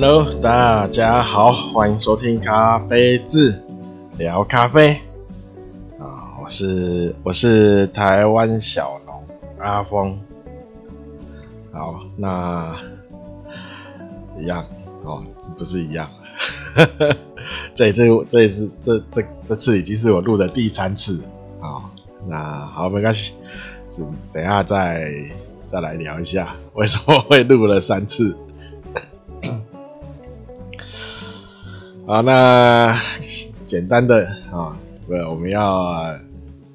Hello，大家好，歡迎收聽咖啡誌，聊咖啡啊！我是我是台灣小農阿峰。好，那一樣哦，不是一樣。這這這次這次這這，這次已經是我錄的第三次啊、哦。那好，沒關係，等一下再再來聊一下為什麼會錄了三次。啊，那簡單的啊，不、哦，我們要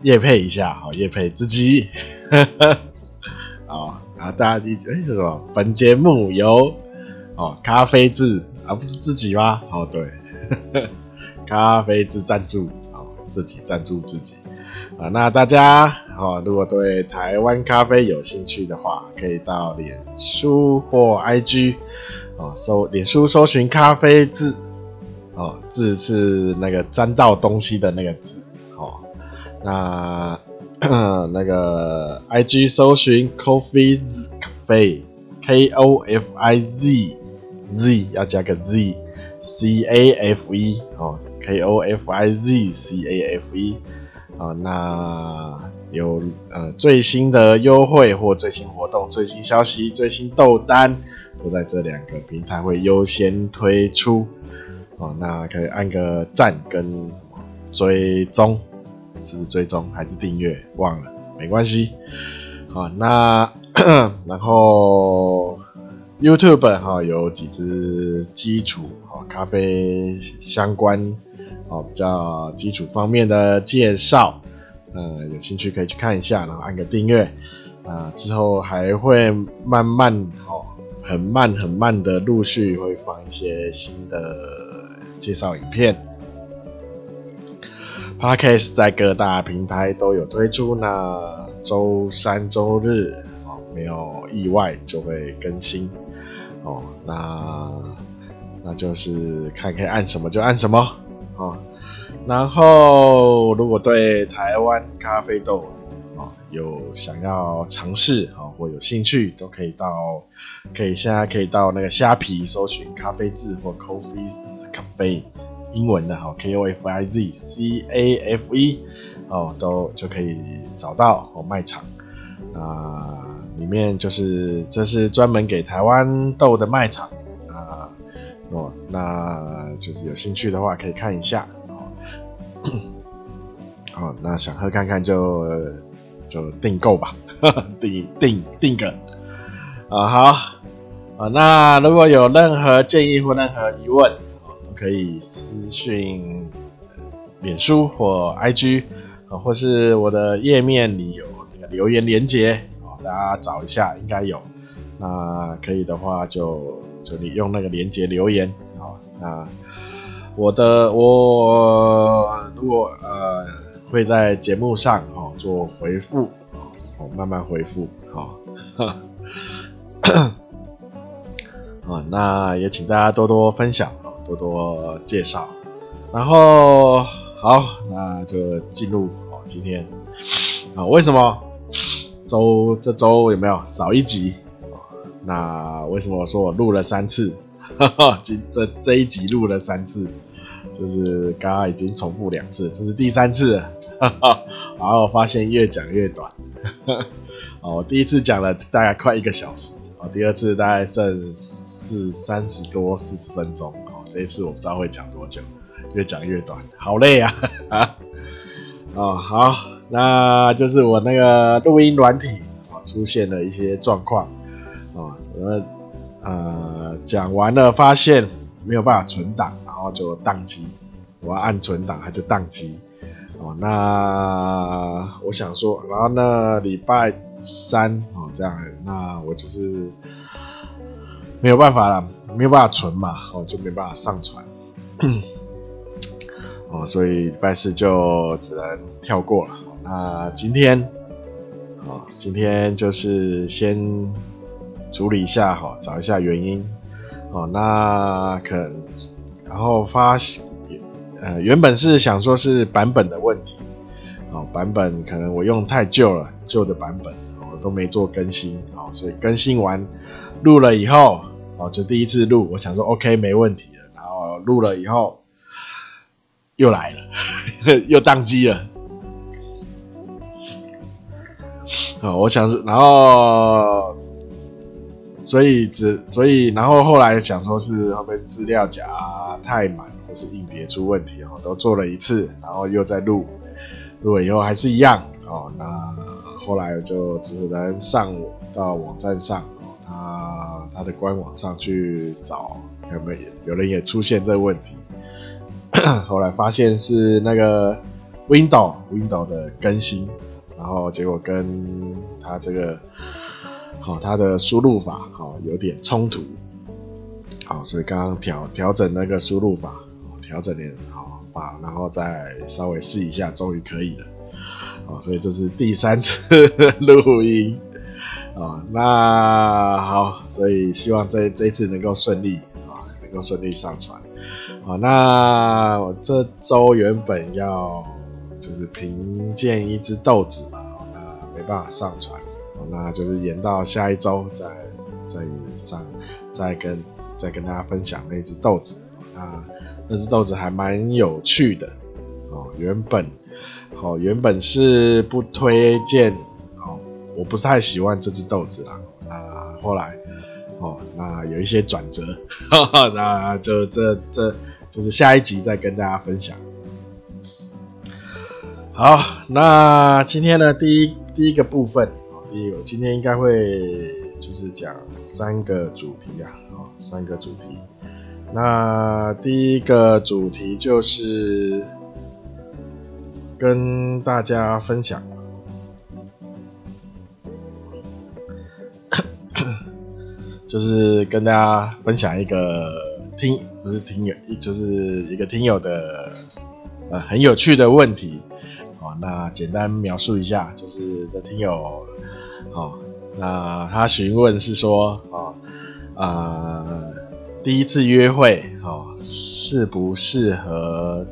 業、呃、配一下，好業配自己，啊啊，哦、大家一哎是什麼？本節目由哦咖啡字，啊，不是自己嗎？哦對呵呵，咖啡字贊助，哦自己贊助自己啊、哦。那大家哦，如果對台灣咖啡有興趣的話，可以到臉書或 IG 哦搜臉書搜尋咖啡字。哦，字是那個沾到東西的那個字。哦。那那個 I G 搜尋 Coffee Cafe，K O F I Z，Z 要加個 Z，C A F E 哦，K O F I Z C A F E 啊、哦。那有呃最新的優惠或最新活動、最新消息、最新豆單，都在這兩個平台會優先推出。哦，那可以按個讚跟什麼追蹤，是不是追蹤還是訂閱？忘了，沒關係。好，那然後 YouTube 哈、哦、有幾支基礎哈咖啡相關哦比較基礎方面的介紹，呃有興趣可以去看一下，然後按個訂閱、呃。之後還會慢慢哈、哦、很慢很慢的陸續會放一些新的。介紹影片 Podcast 在各大平台都有推出呢。週三、週日哦，沒有意外就會更新哦。那那就是看可以按什麼就按什麼哦。然後，如果對台灣咖啡豆，有想要嘗試或有興趣都可以到，可以現在可以到那個蝦皮搜尋咖啡字或 Coffee's Cafe，英文的哈 K O F I Z C A F E 都就可以找到哦賣場啊，裡面就是這是專門給台灣豆的賣場啊，哦，那就是有興趣的話可以看一下哦，那想喝看看就。就訂購吧，呵呵訂訂訂個。啊好啊，那如果有任何建議或任何疑問，都可以私訊臉書或 IG 啊，或是我的頁面裡有那個留言連接啊，大家找一下應該有。那可以的話就就你用那個連接留言好，啊，我的我如果呃。會在節目上做回復，慢慢回復 那也請大家多多分享，多多介紹。然後好，那就進入今天啊，為什麼周這周有沒有少一集？那為什麼我說我錄了三次？哈，今這這一集錄了三次，就是剛剛已經重複兩次，這是第三次。哈 哈，然後我發現越講越短，哦， 我第一次講了大概快一個小時，哦，第二次大概剩四三十多四十分鐘，哦，這一次我不知道會講多久，越講越短，好累啊，哦， 好，那就是我那個錄音軟體哦出現了一些狀況，哦、呃，呃呃，講完了發現沒有辦法存檔，然後就宕機，我要按存檔它就宕機。哦，那我想說，然後呢，禮拜三哦，這樣，那我就是沒有辦法了，沒有辦法存嘛，哦，就沒辦法上傳，哦，所以拜四就只能跳過了。那今天，哦，今天就是先處理一下，哈，找一下原因，哦，那可能然後發現。呃，原本是想說是版本的問題，哦，版本可能我用太舊了，舊的版本我、哦、都沒做更新，哦，所以更新完錄了以後，哦，就第一次錄，我想說 OK 沒問題了，然後錄了以後又來了，呵呵又宕機了，哦，我想是，然後所以只所以然後後來想說是後面資料夾太滿？是硬碟出問題哦，都做了一次，然後又在錄，錄了以後還是一樣哦。那後來就只能上我到網站上哦，他他的官網上去找有沒有有人也出現這個問題咳咳。後來發現是那個 window window 的更新，然後結果跟他這個好、哦、他的輸入法好、哦、有點衝突，好、哦，所以剛剛調調整那個輸入法。聊這邊好吧，然後再稍微試一下，終於可以了、哦、所以這是第三次錄音、哦、那好，所以希望這這一次能夠順利啊、哦，能夠順利上傳、哦、那我這周原本要就是評鑑一隻豆子嘛、哦，那沒辦法上傳、哦，那就是延到下一周再再上，再跟再跟大家分享那一隻豆子啊。哦那隻豆子還蠻有趣的哦，原本、哦、原本是不推薦哦，我不是太喜歡這隻豆子啦啊，那後來哦那有一些轉折呵呵，那就這這就是下一集再跟大家分享。好，那今天的第一第一個部分、哦、第一我今天應該會就是講三個主題啊，哦、三個主題。那第一個主題就是跟大家分享，就是跟大家分享一個聽不是聽友，就是一個聽友的呃很有趣的問題啊、哦。那簡單描述一下，就是這聽友啊、哦，那他詢問是說啊啊。哦呃第一次約會，哦，適不適合，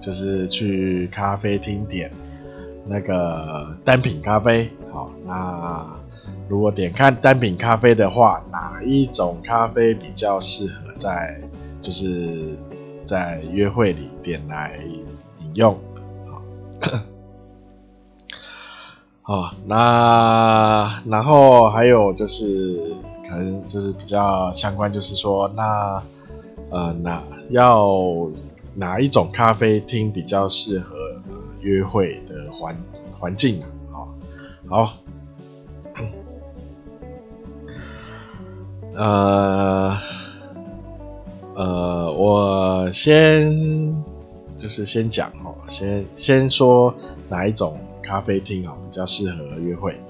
就是去咖啡廳點那個單品咖啡，好。那如果點看單品咖啡的話，哪一種咖啡比較適合在，就是在約會裡點來飲用？好， 好，那，然後還有就是。可能就是比較相關，就是說，那呃，那要哪一種咖啡廳比較適合約會的環環境呢、啊哦？好好、嗯，呃呃，我先就是先講哦，先先說哪一種咖啡廳哦比較適合約會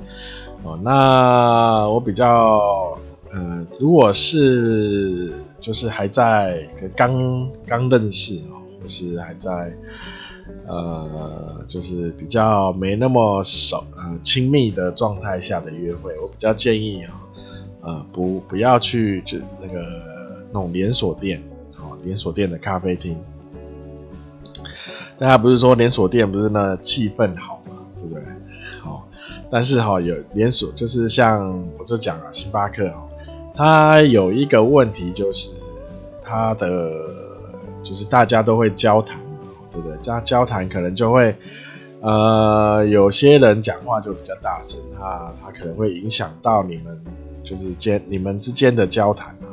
哦。那我比較。呃，如果是就是還在剛剛認識哦、喔，或是還在呃，就是比較沒那麼熟呃親密的狀態下的約會，我比較建議啊、喔、呃，不不要去就那個那種連鎖店哦、喔，連鎖店的咖啡廳。大家不是說連鎖店不是那氣氛好嘛，對不對？好、喔，但是哈、喔、有連鎖就是像我就講啊，星巴克、喔。他有一個問題，就是他的就是大家都會交談對不對？這樣交談可能就會，呃，有些人講話就比較大聲，他他可能會影響到你們就是間你們之間的交談啊，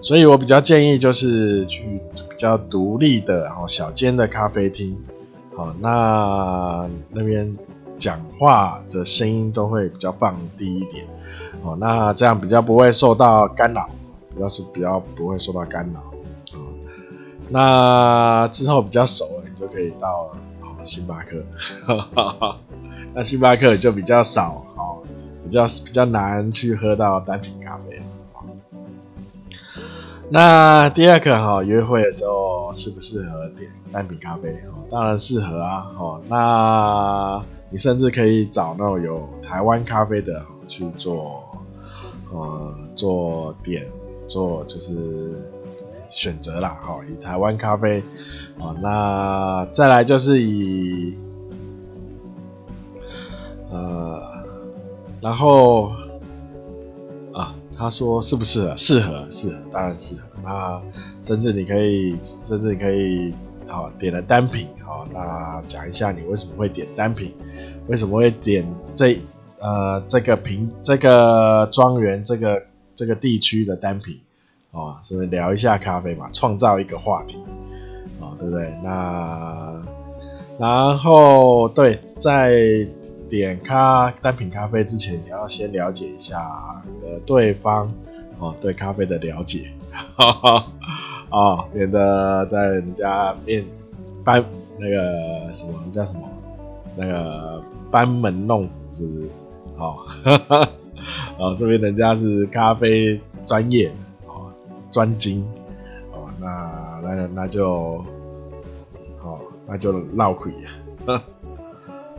所以我比較建議就是去比較獨立的然後小間的咖啡廳，好，那那邊。講話的聲音都會比較放低一點哦，那這樣比較不會受到干擾，比較是比較不會受到干擾啊、嗯。那之後比較熟了，你就可以到、哦、星巴克呵呵呵，那星巴克就比較少、哦、比較比較難去喝到單品咖啡、哦、那第二個哈、哦，約會的時候適不適合點單品咖啡？哦，當然適合啊，哦，那。你甚至可以找那種有台灣咖啡的去做，呃，做點，做就是選擇啦，好，以台灣咖啡，好，那再來就是以，呃，然後，啊，他說適不適合？適合，適合，當然適合。那甚至你可以，甚至你可以，好，點了單品，好，那講一下你為什麼會點單品。為什麼會點這呃這個瓶，這個莊園這個這個地區的單品哦，所以聊一下咖啡嘛，創造一個話題哦，對不對？那然後對，在點咖單品咖啡之前，你要先了解一下呃對方哦對咖啡的了解，呵呵哦，免得在人家面翻那個什麼叫什麼那個。班門弄斧是不是？哦，呵呵哦，說明人家是咖啡專業，哦，專精，哦，那那那就，好、哦，那就鬧虧啊。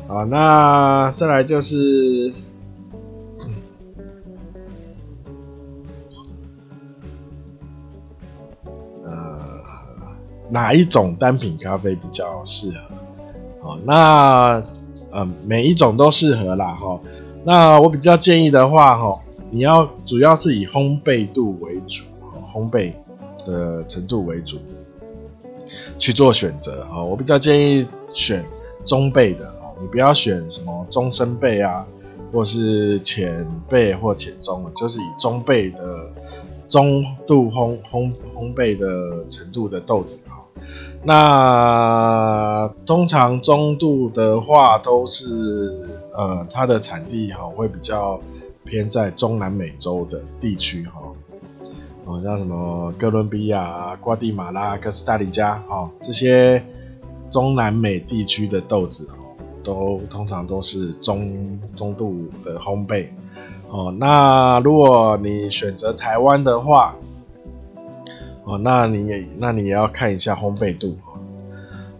好、哦，那再來就是，嗯、呃，哪一種單品咖啡比較適合？哦，那。嗯，每一種都適合啦哈。那我比較建議的話哈，你要主要是以烘焙度為主，烘焙的程度為主去做選擇哈。我比較建議選中焙的哦，你不要選什麼中深焙啊，或是淺焙或淺中，就是以中焙的中度烘烘烘焙的程度的豆子啊。那通常中度的話，都是呃，它的產地哈、哦、會比較偏在中南美洲的地區哈、哦，哦，像什麼哥倫比亞、瓜地馬拉、哥斯達黎加哈、哦、這些中南美地區的豆子哦，都通常都是中中度的烘焙哦。那如果你選擇台灣的話，哦，那你也，那你也要看一下烘焙度哦。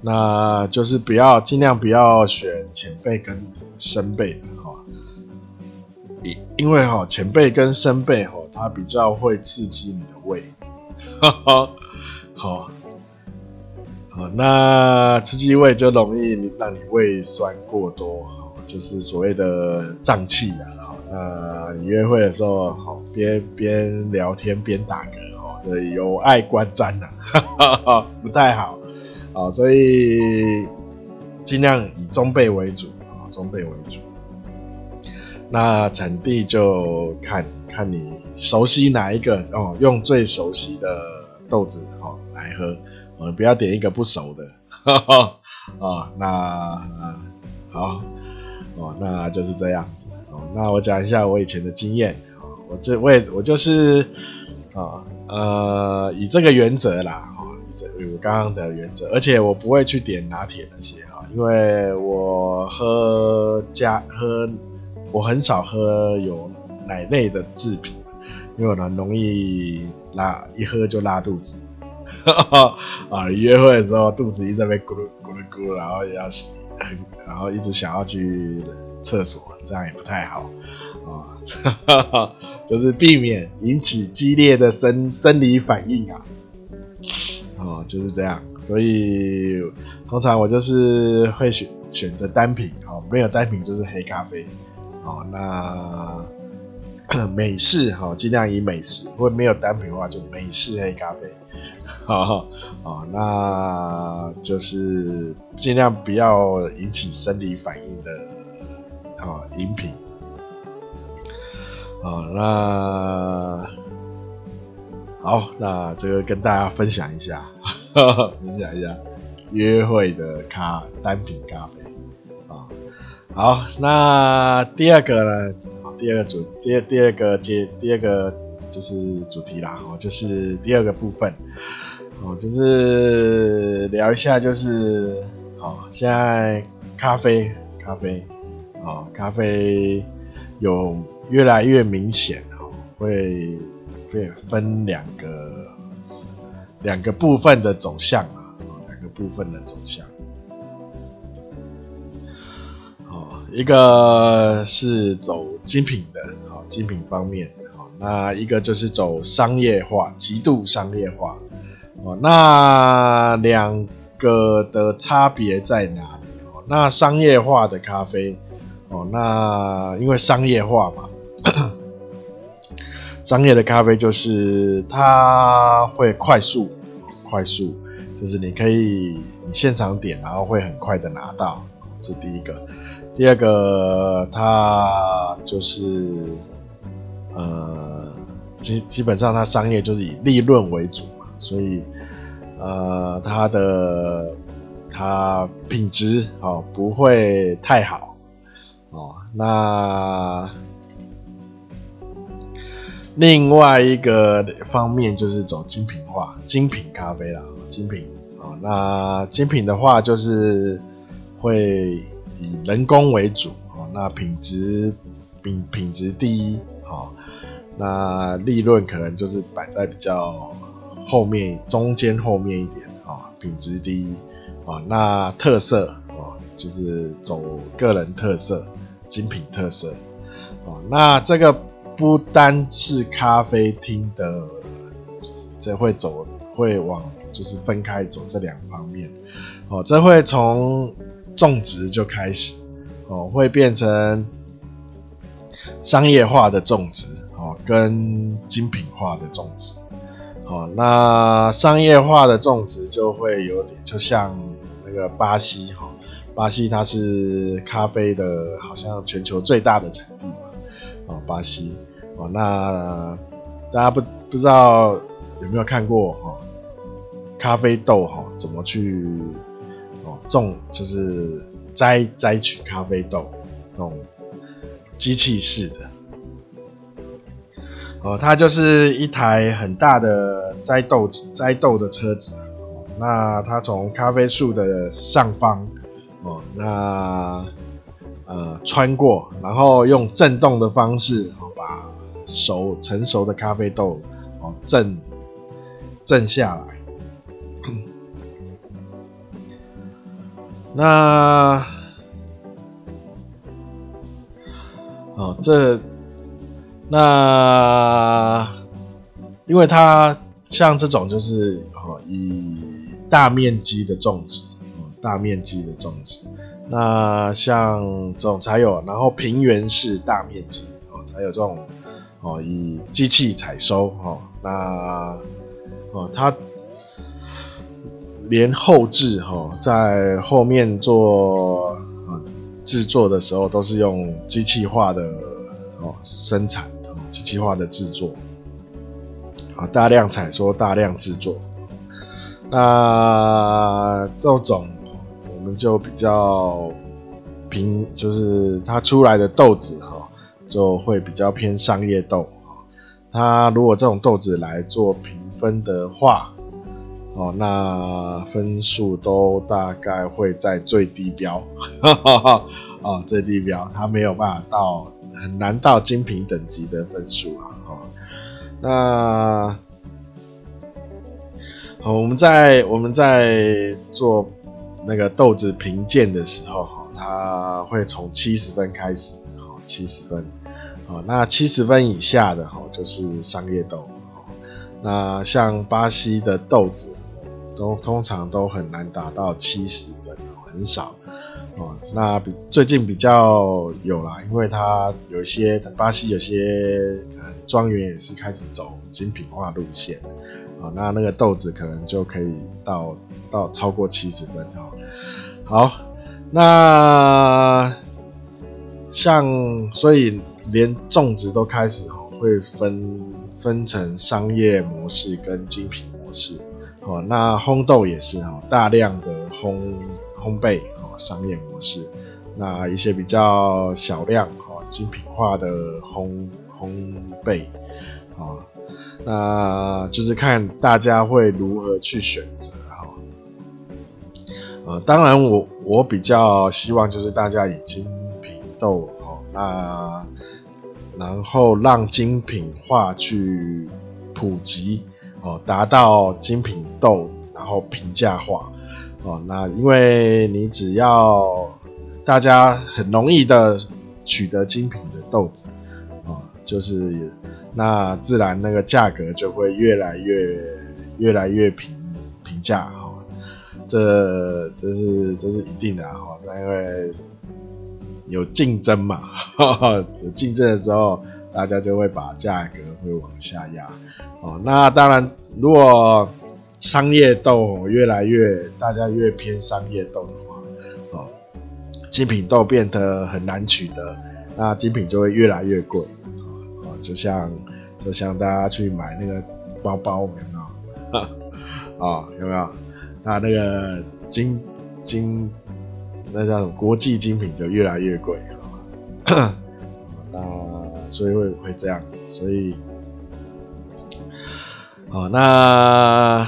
那就是不要盡量不要選淺焙跟深焙的哈，因因為哈，淺焙跟深焙哈，它比較會刺激你的胃，哈哈，好，好，那刺激胃就容易讓你胃酸過多，就是所謂的脹氣啊。那你約會的時候，好邊邊聊天邊打嗝。對，有礙觀瞻哈、啊、不太好，啊、哦，所以盡量以中杯為主啊、哦，中杯為主。那產地就看看你熟悉哪一個哦，用最熟悉的豆子哦來喝，我、哦、們不要點一個不熟的，哈啊、哦，那、呃、好，哦，那就是這樣子。哦，那我講一下我以前的經驗、哦、我這我也我就是啊。哦呃，以這個原則啦，哈，以我剛剛的原則，而且我不會去點拿鐵那些啊，因為我喝加喝，我很少喝有奶類的製品，因為呢容易拉，一喝就拉肚子， 啊，約會的時候肚子一直在咕嚕咕嚕咕嚕，然後也要，然後一直想要去廁所，這樣也不太好。啊、哦，就是避免引起激烈的生生理反應啊，哦，就是這樣。所以通常我就是會選選擇單品，哦，沒有單品就是黑咖啡，哦，那美式，哦，盡量以美式，如果沒有單品的話，就美式黑咖啡，啊、哦哦，那就是盡量不要引起生理反應的哦，飲品。好、哦，那好，那這個跟大家分享一下，呵呵分享一下約會的咖單品咖啡啊、哦。好，那第二個呢，第二個主接第二個接第二個就是主題啦，哦，就是第二個部分，哦，就是聊一下，就是好、哦，現在咖啡，咖啡，哦，咖啡有。越來越明顯哦，會分兩個兩個部分的走向啊，兩個部分的走向。哦，一個是走精品的，哦精品方面，哦那一個就是走商業化，極度商業化。哦，那兩個的差別在哪裡？哦，那商業化的咖啡，哦那因為商業化嘛。 商業的咖啡就是它會快速、快速，就是你可以你現場點，然後會很快的拿到。這第一個，第二個，它就是呃，基基本上它商業就是以利潤為主嘛，所以呃，它的它品質哦不會太好哦，那。另外一個方面就是走精品化，精品咖啡啦，精品啊。那精品的話，就是會以人工為主啊。那品質品品質第一啊。那利潤可能就是擺在比較後面、中間後面一點啊。品質第一啊。那特色啊，就是走個人特色、精品特色啊。那這個。不單是咖啡廳的，這會走會往就是分開走這兩方面，哦，這會從種植就開始，哦，會變成商業化的種植，哦，跟精品化的種植，哦，那商業化的種植就會有點就像那個巴西哈、哦，巴西它是咖啡的好像全球最大的產地嘛。哦、巴西哦，那大家不不知道有沒有看過哈、哦、咖啡豆哈、哦、怎麼去、哦、種，就是摘摘取咖啡豆那種機器式的，哦，它就是一台很大的摘豆摘豆的車子，哦、那它從咖啡樹的上方哦那。呃，穿過，然後用震動的方式，把熟成熟的咖啡豆哦震震下來。 那哦，這那，因為它像這種就是哦，以大面積的種植，哦，大面積的種植。那像這種才有，然後平原式大面積哦，才有這種哦，以機器採收哦，那哦，它連後製哈，在後面做啊製作的時候都是用機器化的哦生產哦，機器化的製作，啊，大量採收，大量製作，那這種。我們就比較平，就是它出來的豆子哈，就會比較偏商業豆哈。它如果這種豆子來做評分的話，哦，那分數都大概會在最低標，哈哈哈，哦，最低標，它沒有辦法到很難到精品等級的分數啊。哦，那好，我們在我們在做。那個豆子評鑑的時候，哈，它會從七十分開始，哈，七十分，哦，那七十分以下的，哈，就是商業豆，那像巴西的豆子，都通常都很難達到七十分，很少，哦，那比最近比較有啦，因為它有一些等巴西有些可能莊園也是開始走精品化路線，啊，那那個豆子可能就可以到。到超過七十分哦，好，那像所以連種植都開始哦，會分分成商業模式跟精品模式哦，那烘豆也是哦，大量的烘烘焙哦，商業模式，那一些比較小量哦，精品化的烘烘焙，那就是看大家會如何去選擇。呃，當然我，我我比較希望就是大家以精品豆哦，那然後讓精品化去普及哦，達到精品豆，然後平價化哦，那因為你只要大家很容易的取得精品的豆子啊，哦，就是那自然那個價格就會越來越越來越平平價。這這是這是一定的哈、啊，那因為有競爭嘛呵呵，有競爭的時候，大家就會把價格會往下壓，哦，那當然，如果商業豆越來越，大家越偏商業豆的話，哦，精品豆變得很難取得，那精品就會越來越貴，啊、哦哦，就像就像大家去買那個包包，有啊，哈，啊、哦，有沒有？那那個精精那叫什麼國際精品就越來越貴哦， 那所以會會這樣子，所以，哦那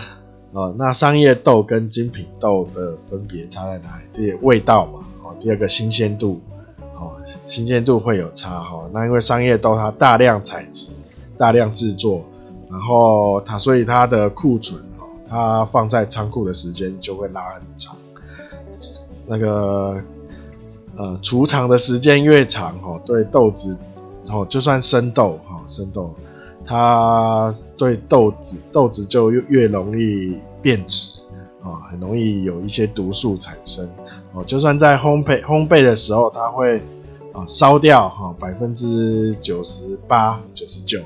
哦那商業豆跟精品豆的分別差在哪裡？第一個味道嘛，哦第二個新鮮度，哦新鮮度會有差哈、哦。那因為商業豆它大量採集，大量制作，然後它所以它的庫存。它放在倉庫的時間就會拉很長，那個呃儲藏的時間越長哦，對豆子哦，就算生豆哈、哦、生豆，它對豆子豆子就越，越容易變質啊、哦，很容易有一些毒素產生哦，就算在烘焙烘焙的時候，它會啊燒掉哈百分之九十八九十九。哦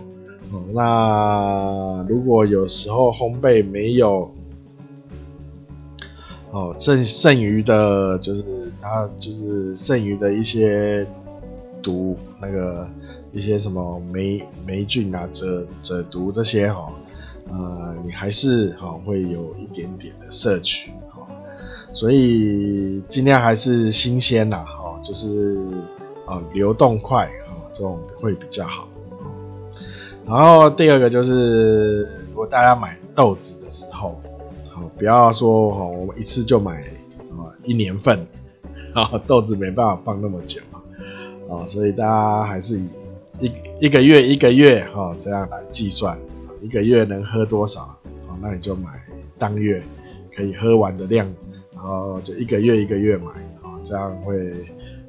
哦、那如果有時候烘焙沒有哦剩剩餘的，就是它就是剩餘的一些毒那個一些什麼霉黴菌啊、褶褶毒這些哈、哦，呃，你還是哈、哦、會有一點點的攝取、哦、所以盡量還是新鮮啦哈、哦，就是啊、哦、流動快哈、哦、這種會比較好。然後第二個就是，如果大家買豆子的時候，好、哦、不要說哦，我一次就買什麼一年份，豆子沒辦法放那麼久，哦，所以大家還是以一一個月一個月哈、哦、這樣來計算，一個月能喝多少，啊、哦、那你就買當月可以喝完的量，然後就一個月一個月買，啊、哦、這樣會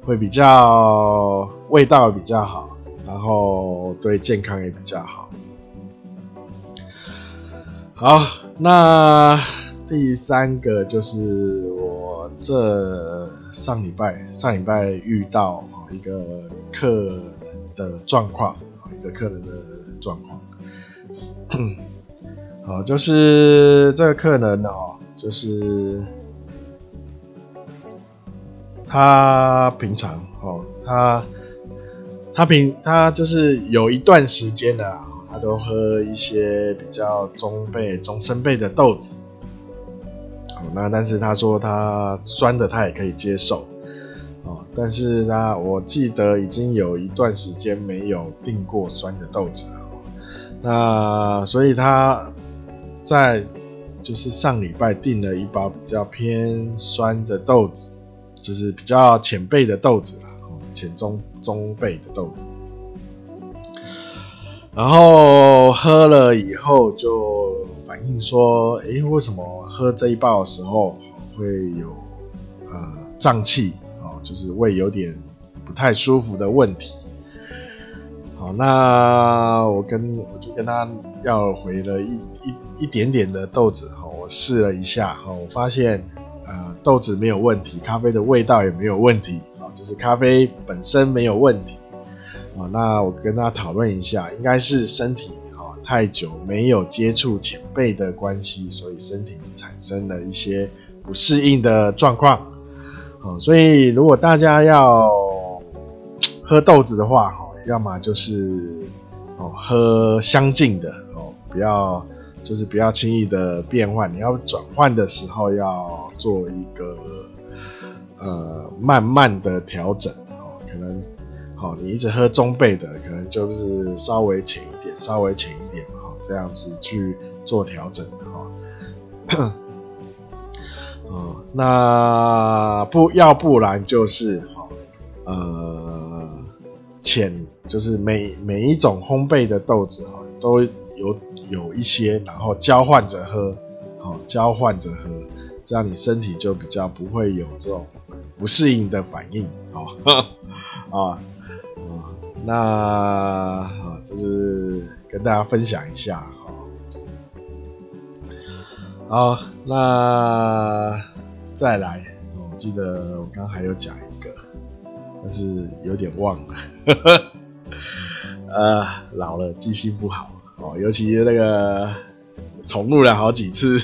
會比較味道比較好。然後對健康也比較好。好，那第三個就是我這上禮拜上禮拜遇到一個客人的狀況，一個客人的狀況。 好，就是這個客人哦，就是他平常哦，他。他平，他就是有一段時間了，他都喝一些比較中焙、中深焙的豆子。好，那但是他說他酸的他也可以接受。哦，但是他我記得已經有一段時間沒有訂過酸的豆子了。那所以他在就是上禮拜訂了一包比較偏酸的豆子，就是比較淺焙的豆子了。前中中焙的豆子，然後喝了以後就反映說：“誒，為什麼喝這一包的時候會有呃脹氣哦？就是胃有點不太舒服的問題。”好，那我跟我就跟他要回了一一一,一點點的豆子哈、哦，我試了一下哈、哦，我發現呃豆子沒有問題，咖啡的味道也沒有問題。就是咖啡本身沒有問題，那我跟大家討論一下，應該是身體太久沒有接觸淺焙的關係，所以身體產生了一些不適應的狀況，所以如果大家要喝豆子的話，要麼就是哦喝相近的哦，不要就是不要輕易的變換，你要轉換的時候要做一個。呃，慢慢的調整哦，可能，哦，你一直喝中焙的，可能就是稍微淺一點，稍微淺一點哈、哦，這樣子去做調整的哈、哦。 哦，那不要不然就是哈、哦，呃，淺就是每每一種烘焙的豆子哈、哦，都有有一些，然後交換着喝，哦，交換着喝，這樣你身體就比較不會有這種。不適應的反應，哦哦哦、那、哦、就是跟大家分享一下，好、哦，好、哦，那再來、哦，我記得我剛剛還有講一個，但是有點忘了，呵呵呃、老了記性不好，哦，尤其那個重錄了好幾次，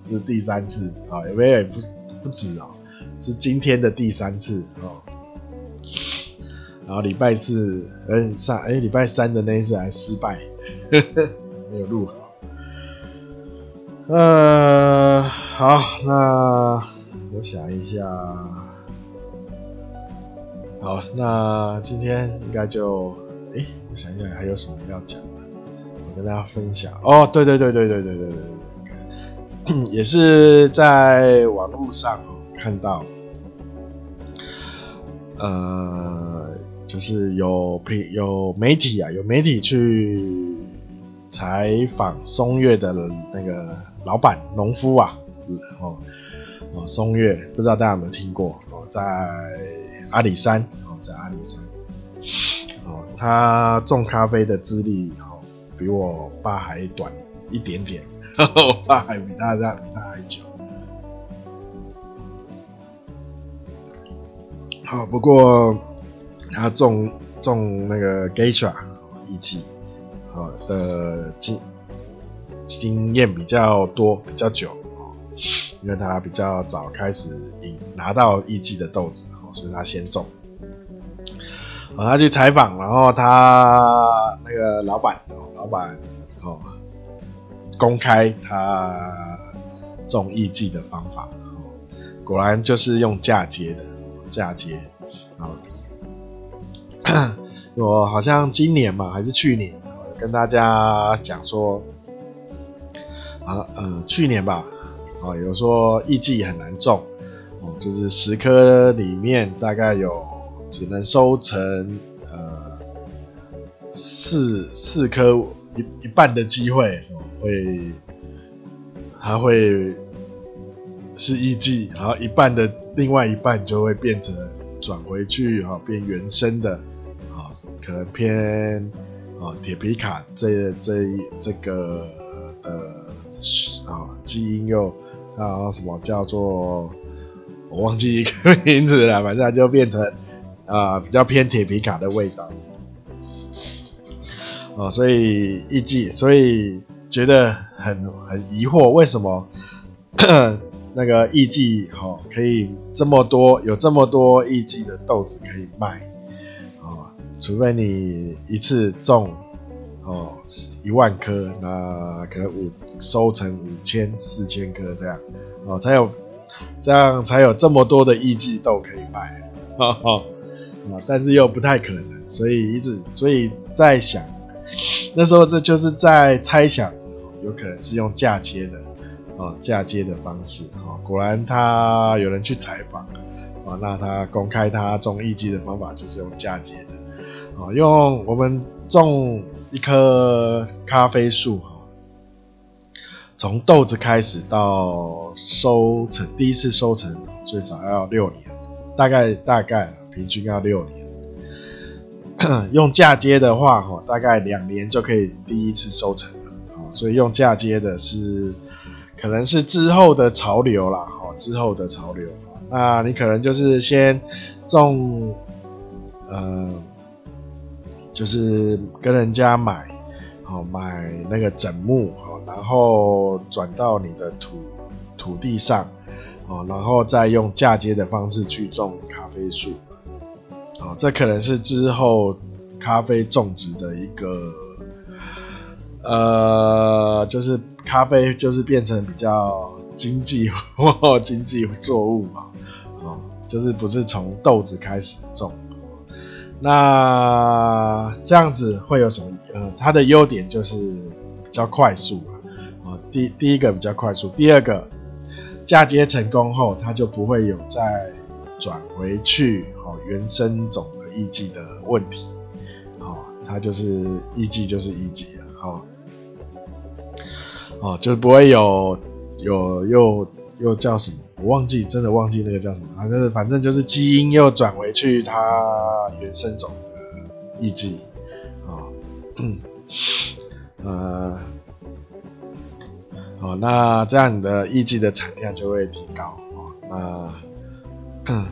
這是第三次啊，有、哦、沒有也不不止啊、哦？是今天的第三次哦，然後禮拜四，哎，上，哎，禮拜三的那一次還失敗，呵呵，沒有錄好。呃，好，那我想一下，好，那今天應該就，哎，我想一下還有什麼要講的，我跟大家分享。哦，對對對對對對對對，也是在網絡上。看到，呃，就是有媒有媒體啊，有媒體去採訪松月的那個老闆農夫啊，然後、哦、松月不知道大家有沒有聽過哦，在阿里山哦，在阿里山哦，他種咖啡的資歷哦，比我爸還短一點點，我爸還比他大比他還久。好，不過他種種那個 Geisha 藝伎，哦，的經經驗比較多，比較久哦，因為他比較早開始拿到藝伎的豆子哦，所以他先種。他去採訪，然後他那個老闆，老闆哦，公開他種藝伎的方法，果然就是用嫁接的。嫁接，好， 我好像今年吧，還是去年跟大家講說，啊呃，呃，去年吧，啊、呃、有說藝伎很難種，哦、呃，就是十棵裡面大概有只能收成呃四四顆一一半的機會會還會。呃會是藝妓，然後一半的另外一半就會變成轉回去，哈，變原生的，啊，可能偏啊鐵皮卡這這這個呃啊基因又，啊，什麼叫做我忘記一個名字了，反正就變成啊比較偏鐵皮卡的味道，所以藝妓，所以覺得很很疑惑，為什麼？ 那個藝妓哈可以這麼多，有這麼多藝妓的豆子可以賣哦，除非你一次種哦一萬顆，那可能五收成五千四千顆這樣哦，才有這樣才有這麼多的藝妓豆可以賣，哈、哦、哈，啊、哦、但是又不太可能，所以一直所以在想那時候這就是在猜想，有可能是用嫁接的。哦，嫁接的方式哦，果然他有人去採訪，啊、哦，那他公開他種藝技的方法就是用嫁接的，啊、哦，用我們種一棵咖啡樹哈，從、哦、豆子開始到收成，第一次收成最少要六年，大概大概平均要六年，用嫁接的話、哦、大概兩年就可以第一次收成了，啊、哦，所以用嫁接的是。可能是之後的潮流啦，之後的潮流。那你可能就是先種，嗯、呃，就是跟人家買，買那個砧木，然後轉到你的土土地上，哦，然後再用嫁接的方式去種咖啡樹，哦，這可能是之後咖啡種植的一個。呃，就是咖啡就是變成比較經濟、哦、經濟作物嘛、哦，就是不是從豆子開始種，那這樣子會有什麼？呃，它的優點就是比較快速啊，哦、第第一個比較快速，第二個嫁接成功後，它就不會有再轉回去吼、哦、原生種的藝伎的問題，好、哦，它就是藝伎就是藝伎了，好、哦。哦，就不會有，有有又又叫什麼？我忘記，真的忘記那個叫什麼，反正反正就是基因又轉回去它原生種的意質，哦、嗯呃，哦，那這樣你的意質的產量就會提高，哦，那，嗯、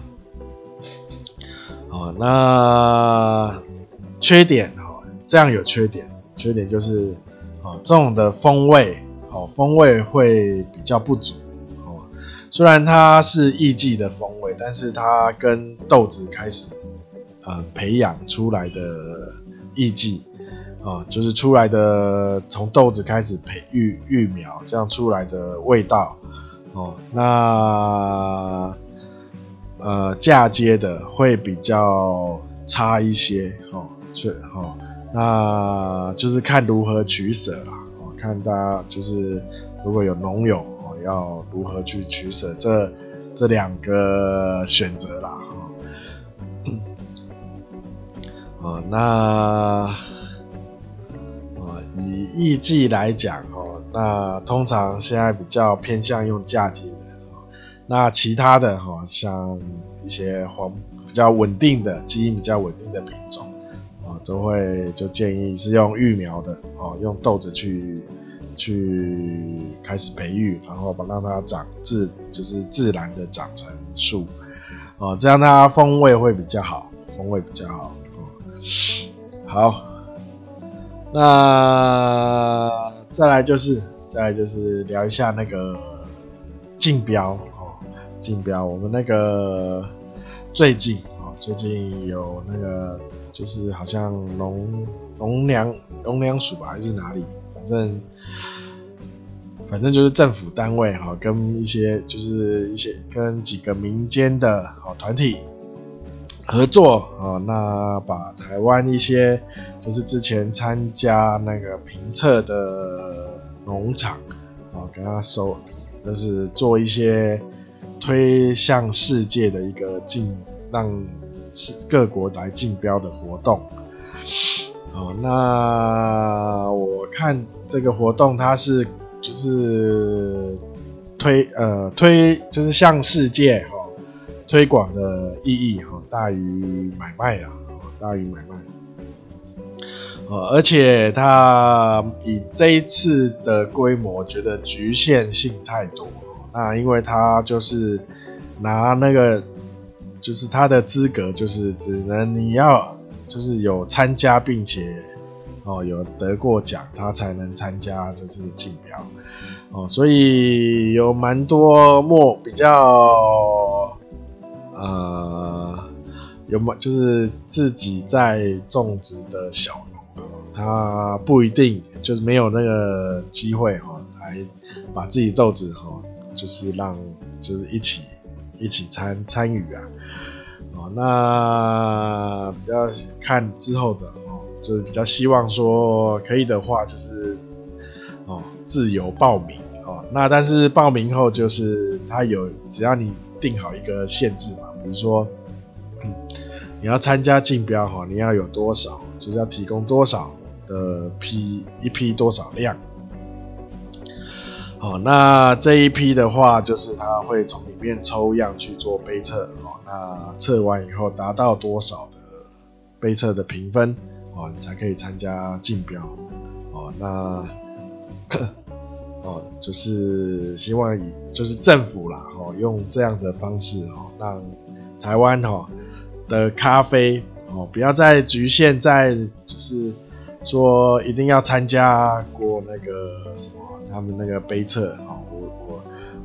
哦，那缺點，哦，這樣有缺點，缺點就是，哦，這種的風味。哦，風味會比較不足。哦，雖然它是藝伎的風味，但是它跟豆子開始呃培養出來的藝伎哦，就是出來的從豆子開始培育育苗這樣出來的味道，哦，那呃嫁接的會比較差一些。哦，是哦，那就是看如何取捨了啊。看他就是如果有農友，哦，要如何去取捨這這兩個選擇啦，哦，哦那哦以藝伎來講哦，那通常現在比較偏向用嫁接的，哦，那其他的哈、哦、像一些黃比較穩定的基因比較穩定的品種。都會就建議是用育苗的哦，用豆子去去開始培育，然後把它讓它長自就是自然的長成樹哦，這樣它風味會比較好，風味比較好哦、嗯。好，那再來就是再來就是聊一下那個競標哦，競標我們那個最近哦，最近有那個。就是好像農農糧農糧署吧，還是哪裡？反正反正就是政府單位哈，跟一些就是一些跟幾個民間的好團體合作啊，那把台灣一些就是之前參加那個評測的農場啊，給他收，就是做一些推向世界的一個進讓。是各國來競標的活動，哦，那我看這個活動，它是就是推呃推就是向世界哈推廣的意義哈大於買賣了，大於買賣，而且它以這一次的規模，覺得局限性太多，那因為它就是拿那個。就是他的資格，就是只能你要就是有參加並且哦有得過獎，他才能參加這次競標哦。所以有蠻多莫比較呃有蠻就是自己在種植的小農，他不一定就是沒有那個機會哦來把自己豆子哈就是讓就是一起。一起參參與啊，哦，那比較看之後的哦，就是比較希望說可以的話，就是哦自由報名哦，那但是報名後就是他有只要你定好一個限制嘛，比如說，嗯，你要參加競標哈，哦，你要有多少，就是要提供多少的批一批多少量。哦，那這一批的話，就是他會從裡面抽樣去做杯測哦。那測完以後達到多少的杯測的評分哦，你才可以參加競標哦。那哦，就是希望以就是政府啦哦，用這樣的方式哦，讓台灣哦的咖啡哦，不要再局限在就是。說一定要參加過那個什麼，他們那個杯測啊，我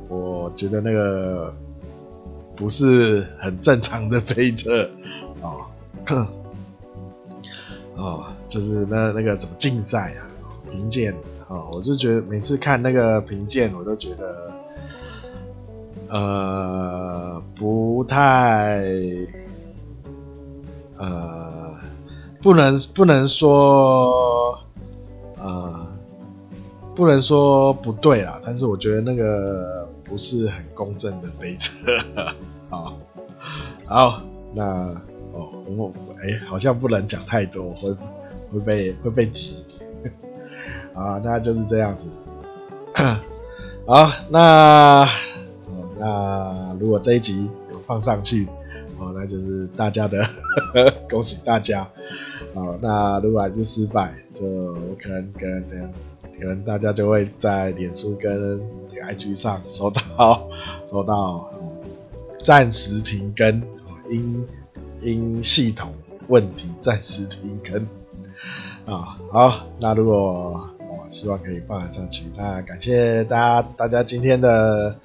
我我覺得那個不是很正常的杯測啊，哦，就是那個、那個什麼競賽啊，評鑑啊、哦，我就覺得每次看那個評鑑，我都覺得呃不太呃。不能不能說、呃，不能說不對啦，但是我覺得那個不是很公正的杯子。好，好，那哦，我哎、欸，好像不能講太多，會會被會被擠。好，那就是這樣子，好，那、呃、那如果這一集有放上去，哦，那就是大家的呵呵恭喜大家。好、哦，那如果還是失敗，就我可能、可能、可能大家就會在臉書跟 IG 上收到、收到，暫、嗯、時停更，因因系統問題暫時停更。啊、哦，好，那如果我、哦、希望可以放得上去，那感謝大家大家今天的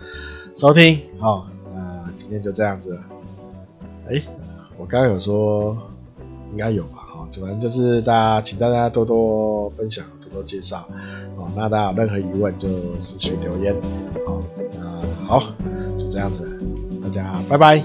收聽，好、哦，那今天就這樣子了。哎、欸，我剛剛有說應該有吧。主要就是大家，請大家多多分享，多多介紹哦。那大家有任何疑問就私信留言，好、哦，那好，就這樣子，大家拜拜。